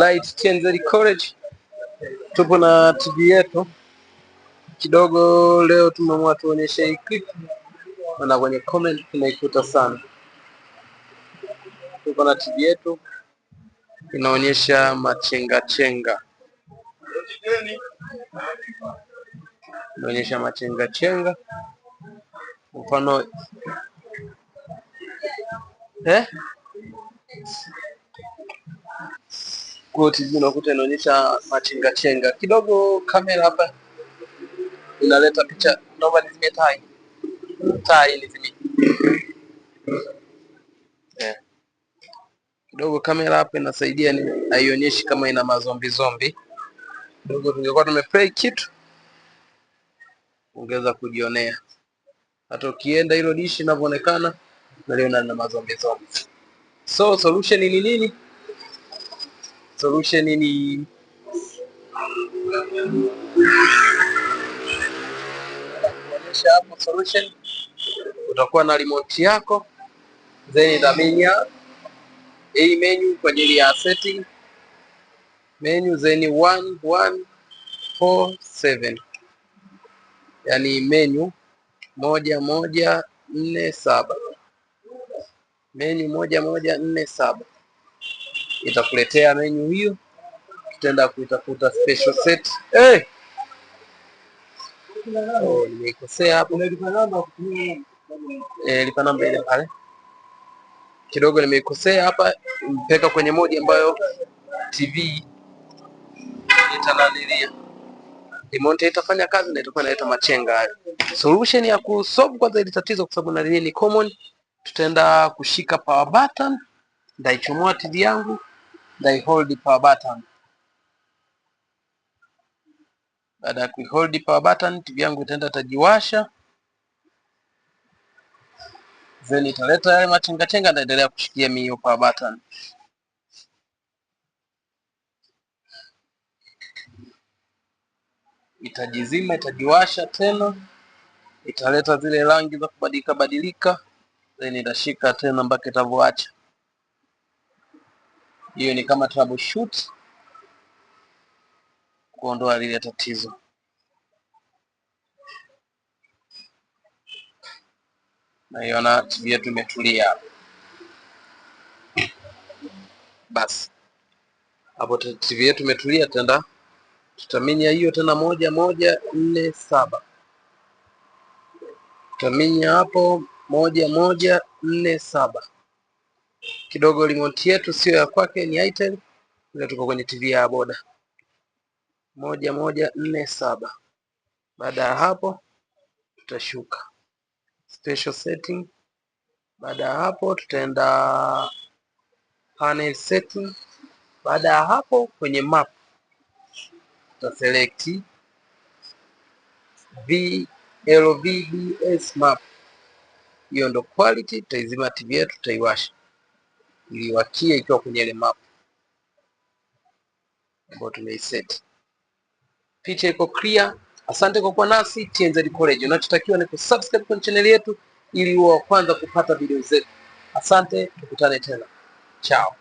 Light TNZ College tupo na TV yetu kidogo. Leo tumeamua tuonyeshe hii clip, na kwenye comment tunaikuta sana. Tupo na TV yetu inaonyesha machenga chenga, inaonyesha machenga chenga mfano eh? Goti juu unakuta inaonyesha machenga chenga kidogo. Kamera hapa inaleta picha, naomba nizime tai tai, nizime yeah. Kidogo kamera hapa inasaidia ni haionyeshi kama ina mazombi zombi kidogo. Tungekuwa tumeplay kitu ungeweza kujionea, hata ukienda hilo dishi inavyoonekana naliona na mazombi zombi. So solution ni nini? Solution ni kuonyesha hapo solution, utakuwa na remote yako, then itaminya hii menu kwa ajili ya setting menu, then 1147 yani menu moja moja nne saba menu moja moja nne saba itakuletea menu hiyo, tutaenda kuitafuta special set. Hey! Oh, nimeikosea hapo. Eh, lipa namba ile pale kidogo nimeikosea hapa, mpeka kwenye modi ambayo TV itananilia remote itafanya kazi na itakuwa inaleta machenga hayo. Solution ya kusolve kwanza ile tatizo, kwa sababu na nini ni common, tutaenda kushika power button, ndaichomoa TV yangu they hold the power button. Baada ya kuhold power button, TV yangu itaenda tajiwasha, then italeta yale machengachenga chenga, naendelea kushikia mi hiyo power button. Itajizima, itajiwasha tena, italeta zile rangi za kubadilika badilika, then itashika tena mpaka itavyoacha hiyo ni kama troubleshoot kuondoa lile tatizo. Naiona TV yetu imetulia. Basi hapo TV yetu imetulia, tenda tutaminya hiyo tena moja moja nne saba, tutaminya hapo moja moja nne saba kidogo remote yetu sio ya kwake, ni Itel, ila tuko kwenye TV ya boda moja moja nne saba. Baada ya hapo tutashuka special setting. Baada ya hapo tutaenda panel setting. Baada ya hapo kwenye map tutaselekti VLVDS map, hiyo ndo quality. Tutaizima TV yetu, tutaiwasha iliwakie ikiwa kwenye ile map ambayo tumeiset. Picha iko clear. Asante kwa kuwa nasi TNZ College. Unachotakiwa ni kusubscribe kwenye channel yetu ili uwe wa kwanza kupata video zetu. Asante, tukutane tena. Chao.